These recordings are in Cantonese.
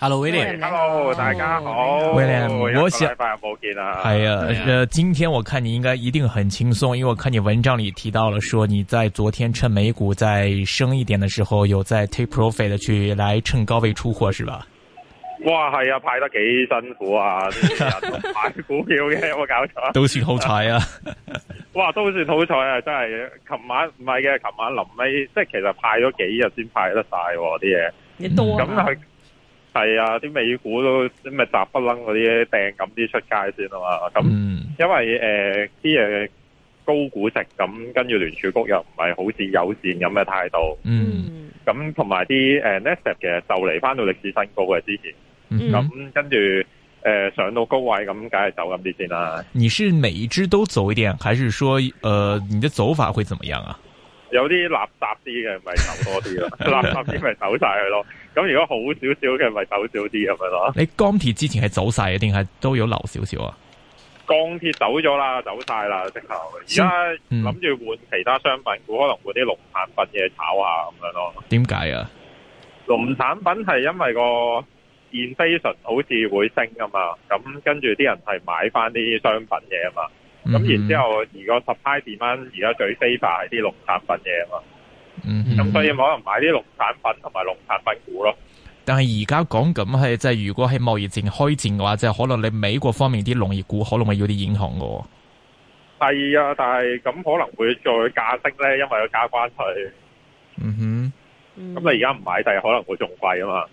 Hello，William。Hello，大家好。William，又一個禮拜冇見啊。係啊，今天我看你應該一定很輕鬆，因為我看你文章裏提到了，說你在昨天趁美股再升一點的時候，有再 take profit 去來趁高位出貨，是吧？哇，係啊，派得幾辛苦啊！啲人派股票嘅，有冇搞錯？都算好彩啊！哇，都算好彩啊！真係，琴晚唔係嘅，琴晚臨尾，即係其實派咗幾日先派得晒啲嘢。咁係啊，啲美股都咁咪雜不楞嗰啲掟咁啲出街先啊嘛，咁、嗯、因為誒啲誒高估值咁，跟住聯儲局又唔係好似友善咁嘅態度，嗯，咁同埋啲誒 Nasdaq 其實就嚟翻到歷史新高嘅之前，咁跟住誒、呃、上到高位，咁梗係走咁啲先啦。你是每一支都走一點，還是說，呃，你嘅走法會怎麼樣啊？有啲垃圾啲嘅，咪走多啲咯。 垃圾啲咪走晒佢咯。咁 如果好少少嘅，咪走少啲咁樣咯。就是、你鋼鐵之前係走晒嘅，定係都要留少少啊？鋼鐵走咗啦，走晒啦，即係而家諗住換其他商品股，嗯、可能換啲農產品嘢炒下咁樣咯。點解啊？農產品係因為個 inflation 好似會升㗎嘛，咁跟住啲人係買翻啲商品嘢啊嘛。咁然之後，如果十派點樣，而家最 safe 啲農產品嘢啊嘛。嗯，咁所以可能買啲農產品同埋農產品股咯。但係而家講緊係，即係如果係貿易戰開戰嘅話，即係可能你美國方面啲農業股可能係要啲影響嘅。係啊，但係咁可能會再加息咧，因為要加關稅、嗯。嗯哼。咁你而家唔買，但係可能會仲貴啊嘛。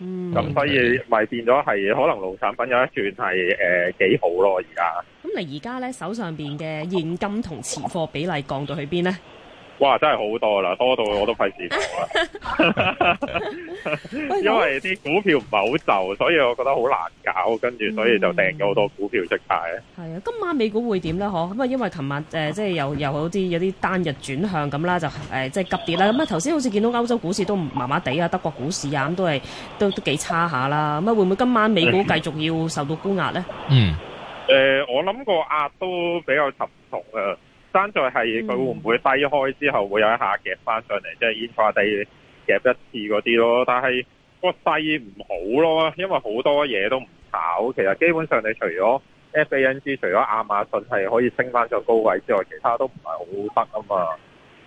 嗯，咁所以咪變咗係可能老產品有一轉係誒、呃、幾好咯、啊，而家。咁你而家咧手上邊嘅現金同持貨比例降到去邊咧？哇！真係好多啦，多到我都費事講啊。 因為啲股票唔係好就，所以我覺得好難搞，跟住所以就訂咗好多股票出街係、嗯、啊，今晚美股會點咧？嗬，咁啊，因為琴日誒，即係又又好啲有啲單日轉向咁啦，就誒、呃、即係急跌啦。咁啊，頭先好似見到歐洲股市都麻麻地啊，德國股市啊，咁、嗯、都係都都幾差下啦。咁啊，會唔會今晚美股繼續要受到高壓咧？嗯。誒、呃，我諗個壓都比較沉重啊。單再係佢會唔會低開之後會有一下夾翻上嚟，即係煙花地夾一次嗰啲咯。但係個低唔好咯，因為好多嘢都唔炒。其實基本上，你除咗 FANG，除咗亞馬遜係可以升翻上高位之外，其他都唔係好得啊嘛。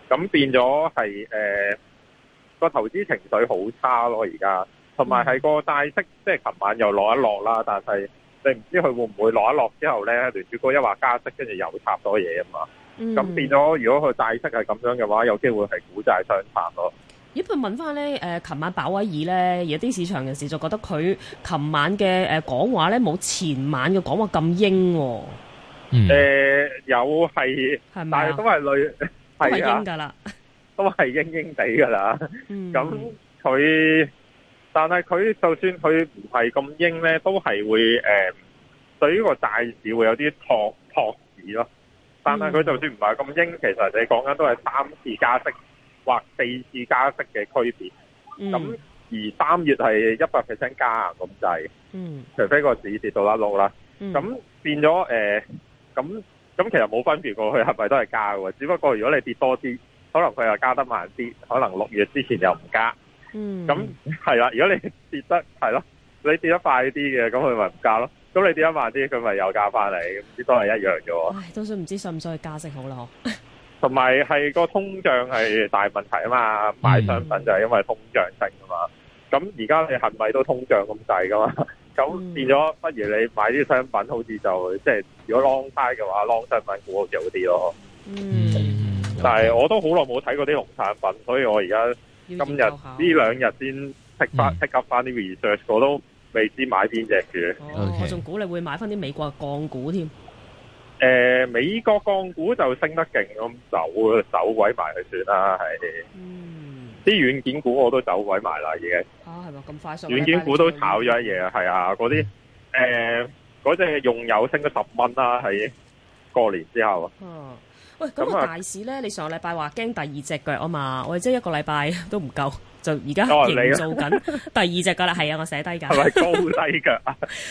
咁變咗係個投資情緒好差咯，而家同埋係個大息，即係琴晚又落一落啦。但係你唔知佢會唔會落一落之後咧，聯儲局一話加息，跟住又插多嘢啊嘛。咁、嗯、變咗，如果佢債息係咁樣嘅話，有機會係股債雙殺咯、嗯。如果佢問翻咧，誒、呃，琴晚鮑威爾咧，有啲市場人士就覺得佢琴晚嘅誒講話咧，冇、呃、前晚嘅講話咁鷹誒、哦嗯呃，有係係係都係英係喇、啊，都係鷹鷹地噶啦。咁佢、 嗯，但係佢就算佢唔係咁鷹咧，都係會誒對呢個債市會有啲托托市咯。但係佢就算唔係咁應，其實你講緊都係三次加息或四次加息嘅區別。咁、嗯、而三月係一百 percent 加啊咁滯，就係嗯、除非個市跌到甩碌啦。咁、嗯、變咗誒，咁、呃、咁其實冇分別過去係咪都係加喎？只不過如果你跌多啲，可能佢又加得慢啲，可能六月之前又唔加。咁係啦，如果你跌得係咯，你跌得快啲嘅，咁佢咪唔加咯。咁你跌一萬啲，佢咪又加翻你？啲都係一樣啫喎。唉，都算唔知信唔信。佢加息好啦。同埋係個通脹係大問題啊嘛，買商品就係因為通脹升啊嘛。咁而家你係咪都通脹咁滯噶嘛？咁、嗯、變咗，不如你買啲商品好，好似就即係如果 long time 嘅話，long 商品股好似好啲咯。嗯。但係我都好耐冇睇過啲農產品，所以我而家今日呢、嗯、兩日先 tick 翻 tick up 翻啲 research，我都。未知買邊隻嘢？Oh, Okay. 我仲估你會買翻啲美國鋼股添。誒、呃，美國鋼股就升得勁，咁走走鬼埋去算啦，係。嗯，啲軟件股我都走鬼埋啦，已經。啊，係咪咁快速？軟件股都炒咗一嘢啊，係啊，嗰啲誒，嗰隻用友升咗十蚊啦，喺過年之後。哦、啊，喂，咁、嗰個大市咧？嗯、你上個禮拜話驚第二隻腳啊嘛？我哋即係一個禮拜都唔夠。就而家營造緊第二隻腳啦，係啊，我寫低噶，係咪高低腳？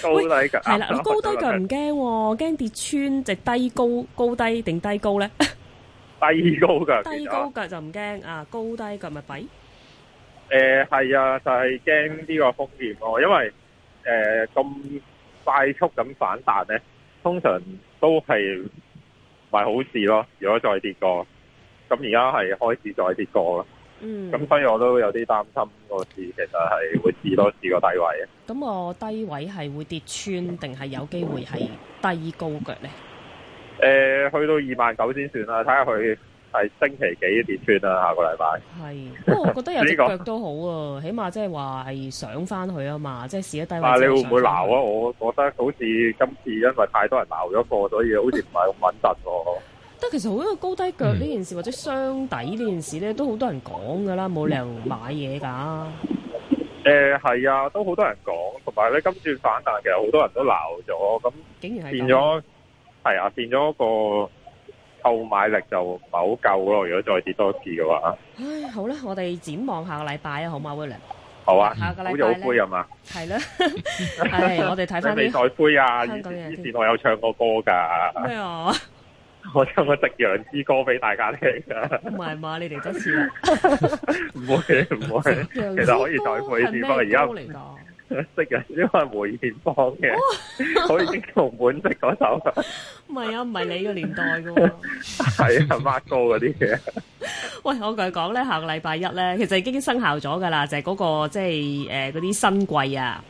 高低腳，係啦、啊，高低腳唔驚，驚跌穿即低高高低定低高咧？低高腳，低高腳就唔驚啊，高低腳咪弊？誒係、呃、啊，就係驚呢個風險咯、啊，因為誒咁、呃、快速咁反彈咧，通常都係唔係好事咯。如果再跌過，咁而家係開始再跌過啦。嗯，咁所以我都有啲擔心個市其實係會試多試個低位啊。咁、嗯、我低位係會跌穿，定係有機會係低高腳咧？誒、呃，去到二萬九先算啦，睇下佢係星期幾跌穿啦。下個禮拜係，不過我覺得有隻腳都好啊，這個、起碼即係話係上翻去啊嘛，即係試一低位。但你會唔會鬧啊？我覺得好似今次因為太多人鬧咗貨，所以好似唔係咁穩陣喎。 其實好多個高低腳呢件事或者雙底呢件事咧，都好多人講噶啦，冇理由買嘢噶、啊。誒、欸，係啊，都好多人講，同埋咧今次反彈，其實好多人都鬧咗，咁竟然係變咗係啊，變咗個購買力就唔係好夠咯。如果再跌多次嘅話，唉，好啦，我哋展望下個禮拜啊，好嘛，William。Will 好啊，下個禮拜好就好灰啊嘛。係啦對了，係、 哎、我哋睇翻啲。未再灰啊！以前我有唱過歌噶。咩啊？我唱個《夕陽之歌》俾大家聽啊！唔係嘛，你哋都笑，唔會唔會，不會 之其實可以代配字，不過而家識啊，因為梅艷芳嘅，可以叫《紅滿色》嗰首啊。唔係啊，唔係你個年代噶，係啊，阿哥嗰啲嘅。喂，我同佢講咧，下個禮拜一咧，其實已經生效咗噶啦，就係、是、嗰、那個即係誒嗰啲新季啊。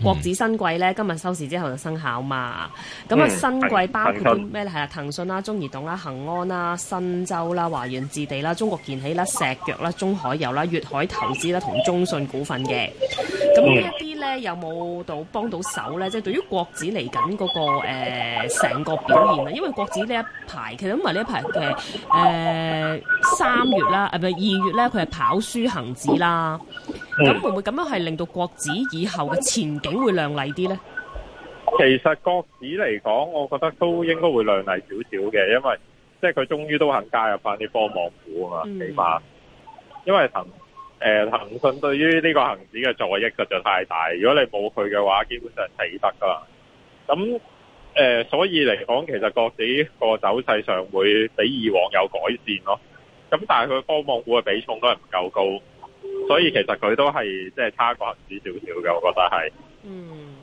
嗯、國指新季咧，今日收市之後就生效嘛。咁啊，啊，啊，新季包括咩咧？係啊，騰訊啦、中移動啦、恒安啦、申洲啦、華潤置地啦、啊、中國建起啦、啊、石藥啦、啊、中海油啦、啊、粵海投資啦、啊、同中信股份嘅。咁呢一啲咧，有冇到幫到手咧？即、就、係、是、對於國指嚟緊嗰個成、呃、個表現啊，因為國指呢一排其實因唔呢一排嘅誒三月啦，唔係二月咧，佢係跑輸恒指啦。咁、嗯、會唔會咁樣係令到國指以後嘅前景會亮麗啲呢？嗯、其實國指嚟講，我覺得都應該會亮麗少少嘅，因為即係佢終於都肯加入翻啲科網股啊嘛，起碼、嗯、因為騰誒騰訊對於呢個恆指嘅助益實在太大，如果你冇佢嘅話，基本上死得噶。咁誒、呃，所以嚟講，其實國指個走勢上會比以往有改善咯。咁但係佢科網股嘅比重都係唔夠高。所以其實佢都係即係差過恆指少少嘅，我覺得係。嗯。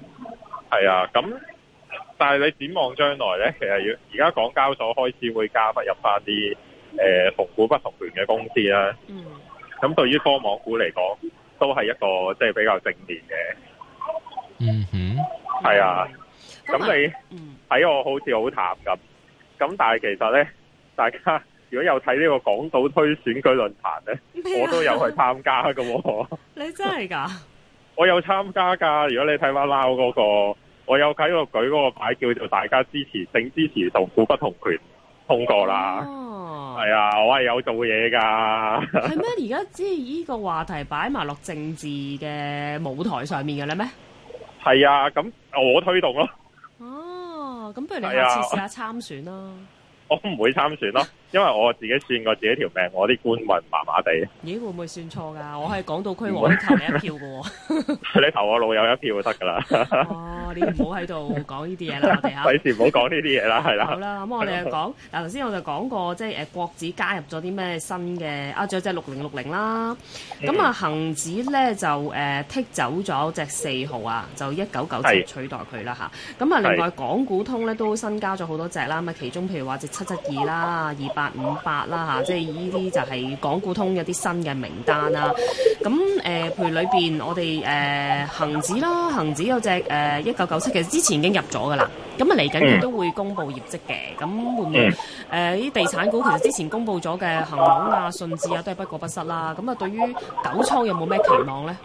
係啊，咁但係你展望將來呢，其實而家港交所開始會加入翻啲誒同股不同權嘅公司啦。嗯。咁對於科網股嚟講，都係一個即係比較正面嘅。嗯哼。係啊。咁、嗯、你，睇我好似好淡咁。咁但係其實呢，大家，如果有睇呢個港島推選，選舉論壇咧，啊，我都有去參加噶，啊。你真係噶？ 我有參加噶。如果你睇翻撈嗰個，我有睇個舉嗰個牌，叫做大家支持，正支持同股不同權通過啦。哦，啊，係啊，我係有做嘢噶。係咩？而家只係呢個話題擺埋落政治嘅舞台上面嘅啦咩？係啊，咁我推動咯。哦，啊，咁不如你一次試下參選啦，啊。我唔會參選咯。因為我自己算過自己條命，我啲官運麻麻地。咦？會唔會算錯㗎？我係港島區我投你一票嘅喎，你投我老友一票就得㗎啦。哦、啊，你唔好喺度講呢啲嘢啦，我哋。啊！費事唔好講呢啲嘢啦，係啦。好啦，咁我哋就講嗱，頭先我就講過即係誒國指加入咗啲咩新嘅，啊，仲有隻六零六零啦。咁啊，恒指咧就誒剔走咗隻四號隻啊，就一九九七取代佢啦吓，咁啊，另外港股通咧都新加咗好多隻啦，咁啊，其中譬如話隻七七二啦，二百，五百啦吓，即係呢啲就係港股通有啲新嘅名單啦。咁誒，譬如裏邊我哋誒恒指啦，恒指有隻誒一九九七，其實之前已經入咗噶啦。咁啊嚟緊佢都會公布業績嘅。咁會唔會誒啲地產股其實之前公布咗嘅恒隆啊、順治啊，都係不過不失啦。咁啊，對於九倉有冇咩期望咧？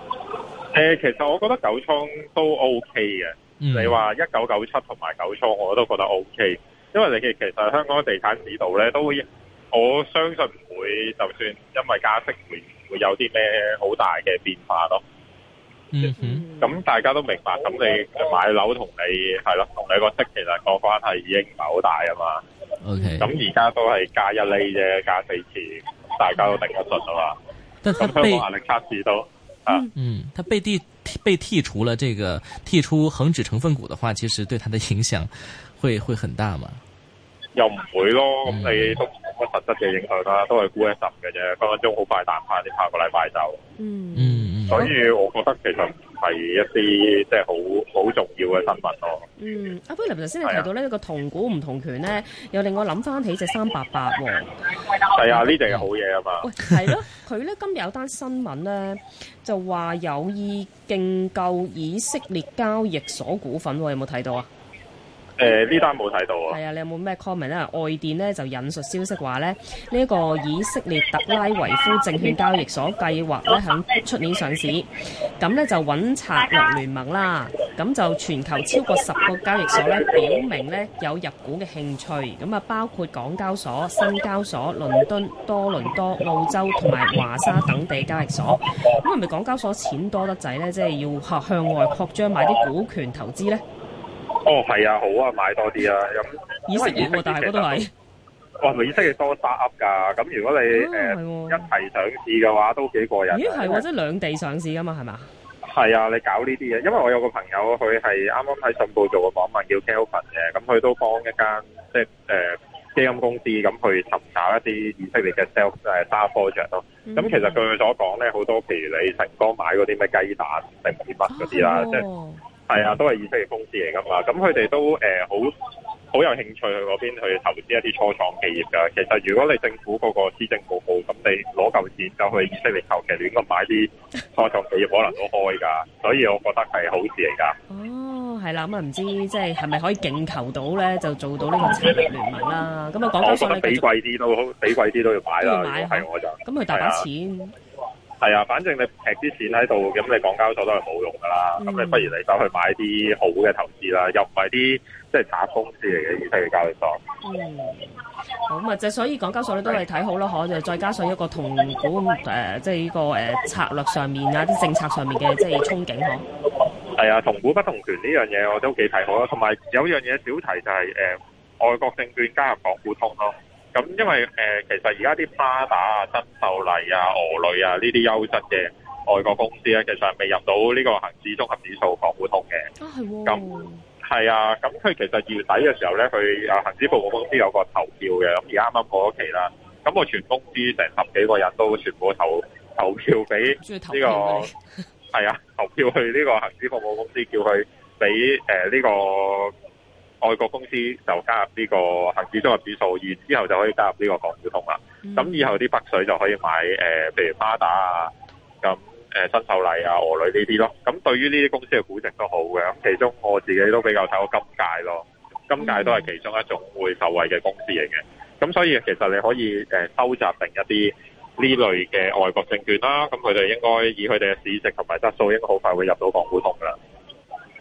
誒，其實我覺得九倉都 OK 嘅。你話一九九七同埋九倉，我都覺得 OK。因為你其其實香港地產市道咧，都會我相信唔會，就算因為加息會會有啲咩好大嘅變化咯。嗯哼，咁大家都明白，咁你買樓同你係咯，同你個息其實個關係已經唔係好大啊嘛。O K，咁而家都係加一厘啫，加四次，大家都定得順啊嘛。但香港壓力測試都啊，嗯，啲、嗯。嗯被剔除了，這個剔出恒指成分股的話，其實對它的影響會會很大嘛？又唔會咯，咁你都冇乜實質嘅影響啦，都係估一陣嘅啫，分分鐘好快彈翻你下個禮拜就。嗯嗯嗯，所以我覺得其實。係一啲即係好好重要嘅新聞咯。嗯，阿 w i l l i 頭先你提到咧個是的 同股唔同權咧，又令我諗翻起隻三八八喎。係啊的，呢啲係好嘢啊嘛。喂，係咯，佢咧今日有單新聞咧，就話有意競購以色列交易所股份喎，有冇睇到啊？誒呢單冇睇到啊！係啊，你有冇咩 comment 啊？外電呢就引述消息話呢，呢、呢個以色列特拉維夫證券交易所計劃呢，響出年上市，咁呢就揾策略聯盟啦，咁就全球超過十個交易所咧表明呢有入股嘅興趣，咁啊包括港交所、新交所、倫敦、多倫多、澳洲同埋華沙等地交易所，咁係咪港交所錢多得滯呢？即係要向外擴張買啲股權投資呢？哦，係啊，好啊，買多啲啊，咁以色列個、啊啊、大哥都係，我係咪以色列多 start-up 噶？咁如果你誒一齊上市嘅話，都幾過癮。咦、啊，係喎、啊，即係兩以、啊就是、地上市噶嘛，係嘛？係啊，你搞呢啲嘢，因為我有個朋友，佢係啱啱喺信報做個訪問，叫 Calvin 嘅，咁、嗯、佢都幫一間即係誒、呃、基金公司，咁、嗯、去尋找一啲以色列嘅 sale 誒沙 project 咯。咁、嗯嗯、其實據佢所講咧，好多譬如你成日買買嗰啲咩雞蛋、定件物嗰啲啦，啊啊、即係。係啊，都係以色列公司嚟噶嘛，咁佢哋都誒好好有興趣去嗰邊去投資一啲初創企業噶。其實如果你政府嗰個施政報告，咁你攞夠錢就去以，以色列求其亂咁買啲初創企業，可能都開噶。所以我覺得係好事嚟噶。 哦，係啦，咁啊唔知即係係咪可以競求到咧，就做到呢個職業聯盟啦、啊。咁啊講得上咧，俾貴啲都俾貴啲都要買啦，係我就咁佢大把錢、啊。係啊，反正你劈啲錢喺度，咁你港交所都係冇用噶啦。咁你不如你走去買啲好嘅投資啦，又唔係啲即係雜公司嚟嘅呢批交易所。嗯，好咁啊，即係所以港交所你都係睇好咯，可是就再加上一個同股誒、呃，即係呢、這個誒、呃、策略上面啊，啲政策上面嘅即係憧憬嗬。係啊，同股不同權呢樣嘢我都幾睇好咯。同埋有樣嘢小題就係、是、誒、呃，外國證券加入港股通咯。咁因為誒、呃，其實而家啲巴打啊、新秀麗啊、俄女啊呢啲優質嘅外國公司咧，其實係未入到呢個恒指綜合指數港股通嘅。都係喎。咁係啊，咁佢、哦嗯啊嗯、其實月底嘅時候咧，佢誒恒指服務公司有個投票嘅，咁而家啱啱過咗期啦。咁、嗯、我全公司成十幾個人都全部投投票俾呢、這個係 啊，投票去呢個恒指服務公司，叫佢俾誒呢個。外國公司就加入呢個恆指綜合指數，然之後就可以加入呢個港股通啦。咁、mm hmm. 以後啲北水就可以買誒，譬、呃、如巴打啊，咁、嗯、誒、呃、新秀麗啊、俄女呢啲咯。咁對於呢啲公司嘅估值都好嘅。咁其中我自己都比較睇過金界咯，mm hmm. 金界都係其中一種會受惠嘅公司嚟嘅。咁所以其實你可以誒、呃、收集定一啲呢類嘅外國證券啦。咁佢哋應該以佢哋嘅市值同埋質素，應該好快會入到港股通㗎啦。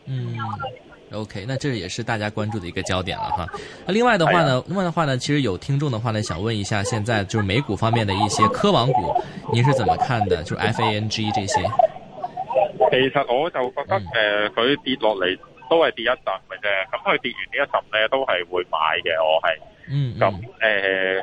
嗯、mm。Hmm. OK，那這也是大家關注的一個焦點了哈。那、啊、另外的話呢，另外的話呢，其實有聽眾的話呢，想問一下，現在就是美股方面的一些科網股，你是怎麼看的？就是、FANG 這些。其實我就覺得，誒、呃，佢跌落嚟都係跌一陣嘅啫，咁佢跌完這一呢一陣咧，都係會買嘅，我係。嗯，咁誒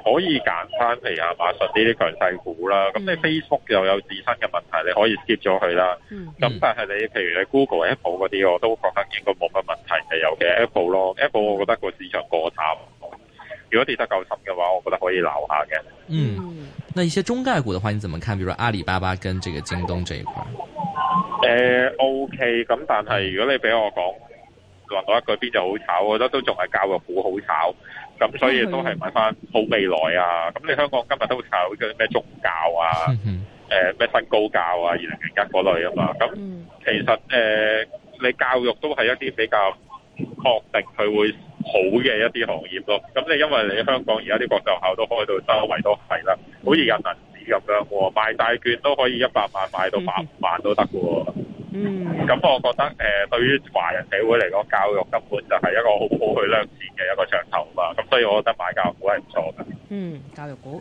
可以揀翻，譬如亞馬遜呢啲強勢股啦。咁你 Facebook 又有自身嘅問題，你可以 skip 咗佢啦。咁、嗯嗯、但係你譬如你 Google、Apple 嗰啲，我都覺得應該冇乜問題嘅。尤其係 Apple 咯，Apple 我覺得個市場過慘。如果跌得夠深嘅話，我覺得可以留下嘅。嗯，那一些中概股的話，你怎麼看？比如阿里巴巴跟這個京東這一塊？誒，OK，咁但係如果你俾我講，講到一句邊就好炒，我覺得都仲係教育股好炒。咁所以都係買翻好未來啊！咁你香港今日都會炒啲咩宗教啊？咩、 呃、新高教啊？二零零一嗰類啊嘛。咁其實誒、呃，你教育都係一啲比較確定佢會好嘅一啲行業咯。咁你因為你香港而家啲國際學校都開到周圍都係啦，好似人民幣咁樣、啊，賣債券都可以一百萬買到百萬都得喎。 嗯，咁我覺得誒，對於華人社會嚟講，教育根本就係一個好好去量錢嘅一個噱頭嘛，咁所以我覺得買教育股係唔錯嘅。嗯，教育股。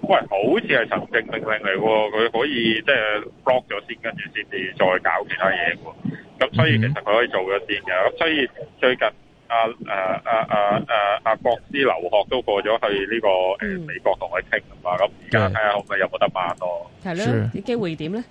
喂，好似係神經命令嚟喎，佢可以即係、就是、block 咗先，跟住先至再搞其他嘢喎。咁所以其實佢可以做咗先嘅。咁、嗯、所以最近阿阿阿阿阿阿國師劉鶴都過咗去呢個誒美國同佢傾啊嘛。咁而家睇下可唔有冇得買咯？係咯，啲機會點咧？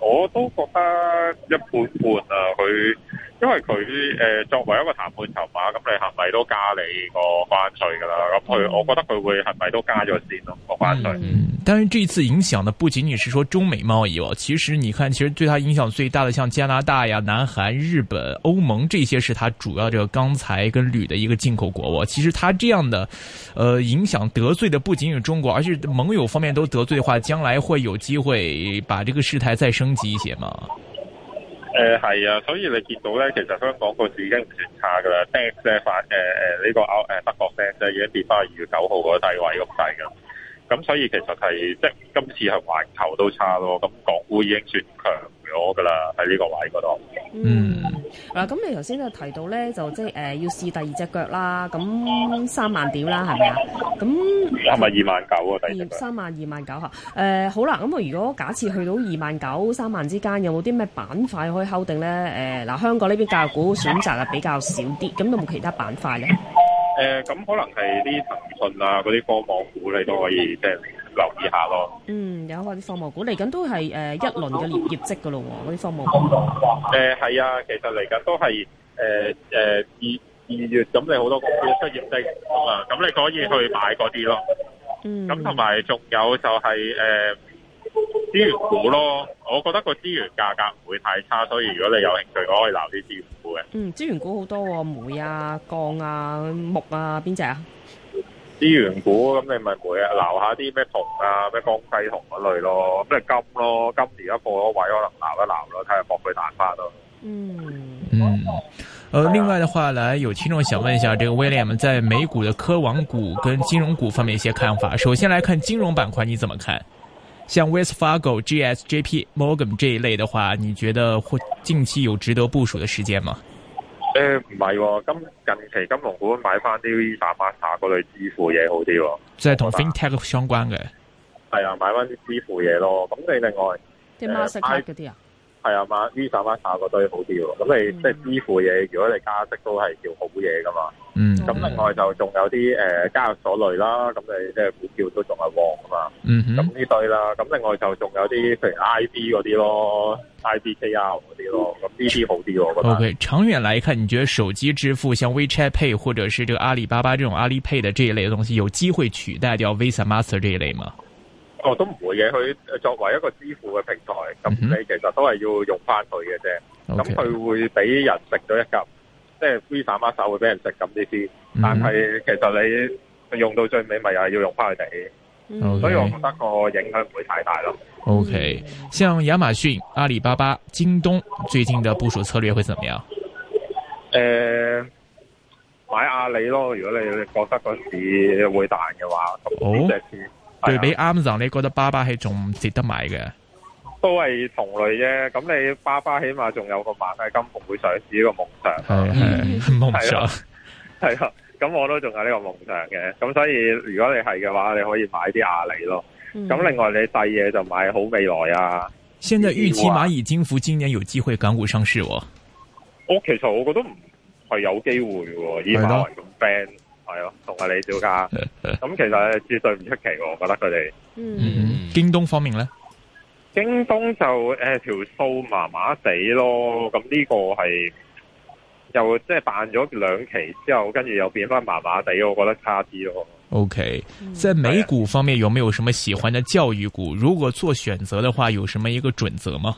我都覺得一半半啊，佢。因為佢誒作為一個談判籌碼，咁你係咪都加你個關稅噶啦？咁佢我覺得佢會係咪都加咗先咯個關稅。嗯，但是這次影響的不僅僅是說中美貿易哦，其實你看，其實對他影響最大的，像加拿大呀、南韓、日本、歐盟這些，是他主要這個鋼材跟鋁的一個進口國哦。其實他這樣的，呃，影響得罪的不僅僅是中國，而且盟友方面都得罪的話，將來會有機會把這個事態再升級一些嗎？係啊、嗯，所以你見到咧，其實香港個市已經唔算差噶啦、嗯呃，這個呃，德債反誒呢個德國債就已經跌翻二月九號嗰個低位咁滯嘅。咁所以其實係即係今次係環球都差咯，咁港股已經算強咗噶啦喺呢個位嗰度。嗯，嗱，咁你頭先就提到咧，就即係、呃、要試第二隻腳啦，咁三萬點啦，係咪啊？咁係咪二萬九啊？第二隻腳三萬二萬九嚇。誒、啊呃、好啦，咁啊如果假設去到二萬九三萬之間，有冇啲咩板塊可以睺定咧？誒、呃、嗱、呃，香港呢邊教育股選擇啊比較少啲，咁有冇其他板塊咧？誒咁、呃、可能係啲騰訊啊嗰啲科網股你都可以即、就是、留意下咯。嗯，有或者科網股嚟緊都係、呃、一輪嘅業,業績噶咯喎，嗰啲科網股。誒係、呃、啊，其實嚟緊都係誒、呃、二二月咁，你好多公司出業績啊，咁你可以去買嗰啲咯。嗯。咁同埋仲有就係、是、誒。呃資源股咯，我覺得個資源價格唔會太差，所以如果你有興趣，我可以揸啲資源股嘅。嗯，資源股好多、哦，煤啊、鋼啊、木啊，邊隻啊？資源股咁你咪每日揸下啲咩銅啊、咩江西銅嗰、啊、類咯，咩金咯，金而家過咗位，可能揸一揸，能留一留咯，睇下博佢可以反。嗯嗯，呃，另外嘅話咧，有聽眾想問一下，這個威廉在美股嘅科網股跟金融股方面一些看法。首先來看金融板塊，你怎麼看？像 West Fargo、GS、JP Morgan 這一類的話，你覺得會近期有值得部署的時間嗎？誒唔係喎，今、哦、近，近期金融股買翻啲 Visa、Master 嗰類支付嘢好啲喎，即係同 FinTech 相關嘅。係啊，買翻啲支付嘢咯。咁你另外啲 Master 嗰啲、嗯、啊？係啊，買 Visa、Master 嗰堆好啲咯。咁你即係支付嘢，如果你加息都係叫好嘢噶嘛。嗯，咁另外就仲有啲誒交易所類啦，咁你即係股票都仲係旺啊嘛，咁呢對啦，咁另外就仲有啲譬如 I B 嗰啲咯，I B K R 嗰啲咯，咁呢啲好啲。O、okay, K，長遠嚟看，你覺得手機支付，像 WeChat Pay 或者是這個阿里巴巴這種阿里 Pay 的這一類東西，有機會取代掉 Visa、Master 這一類嗎？哦，都唔會嘅，佢作為一個支付嘅平台，咁你、嗯、哼其實都係要用翻佢嘅啫，咁佢 Okay 會俾人食咗一嚿。即係 Visa Master 會俾人食咁呢啲，但係其實你用到最尾咪又係要用翻佢哋，所以我覺得個影響唔會太大咯。O、okay, K，像亞馬遜、阿里巴巴、京東最近嘅部署策略會怎麼樣？誒、呃，買阿里咯，如果你覺得嗰市會彈嘅話，好、哦。對、啊、對比 Amazon，你覺得巴巴係仲值得買嘅？都係同類啫，咁你巴巴起碼仲有個螞蟻金服會上市呢個夢想，係係夢想，係咯。咁我都仲有呢個夢想嘅，咁所以如果你係嘅話，你可以買啲阿里咯。咁、嗯、另外你細嘢就買好未來啊。現在預期螞蟻金服今年有機會港股上市哦。我其實我覺得唔係有機會喎，以馬雲咁 band 係咯，同埋李小加，咁其實絕對唔出奇，我覺得佢哋。嗯。嗯京東方面咧？京東就誒條數麻麻地咯，咁、嗯、呢個係又即係辦咗兩期之後，跟住又變翻麻麻地，我覺得差啲咯。OK、嗯、在美股方面，嗯、有冇什麼喜歡嘅教育股？嗯、如果做選擇嘅話，有什麼一個準則嗎？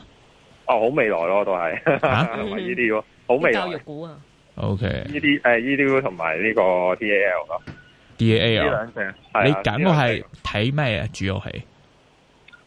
哦，好未來咯，都係啊，呢啲咯，好未來教育股啊。嗯、OK，呢啲誒 edu 同埋呢個 DAL、D A L 咯，D A L 呢兩隻，你感覺係睇咩啊？DAL 主要係。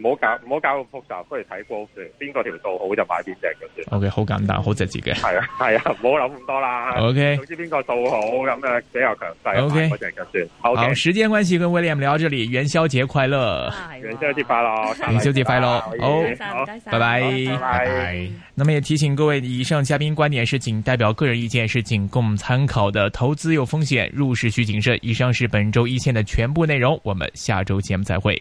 唔好搞，唔好搞咁複雜，不如睇波邊個條道好就買邊隻就算，O K，好簡單，好直接嘅。係啊，係啊，唔好諗咁多啦。O K，總之邊個數好，咁啊比較強勢。O K，好，時間關係，跟 William 聊到這裏，元宵節快樂！元宵節快樂，元宵節快樂。好，拜拜，拜拜。那麼也提醒各位，以上嘉賓觀點是僅代表個人意見，是僅供參考的。投資有風險，入市需謹慎。以上是本周一綫的全部內容，我們下周節目再會。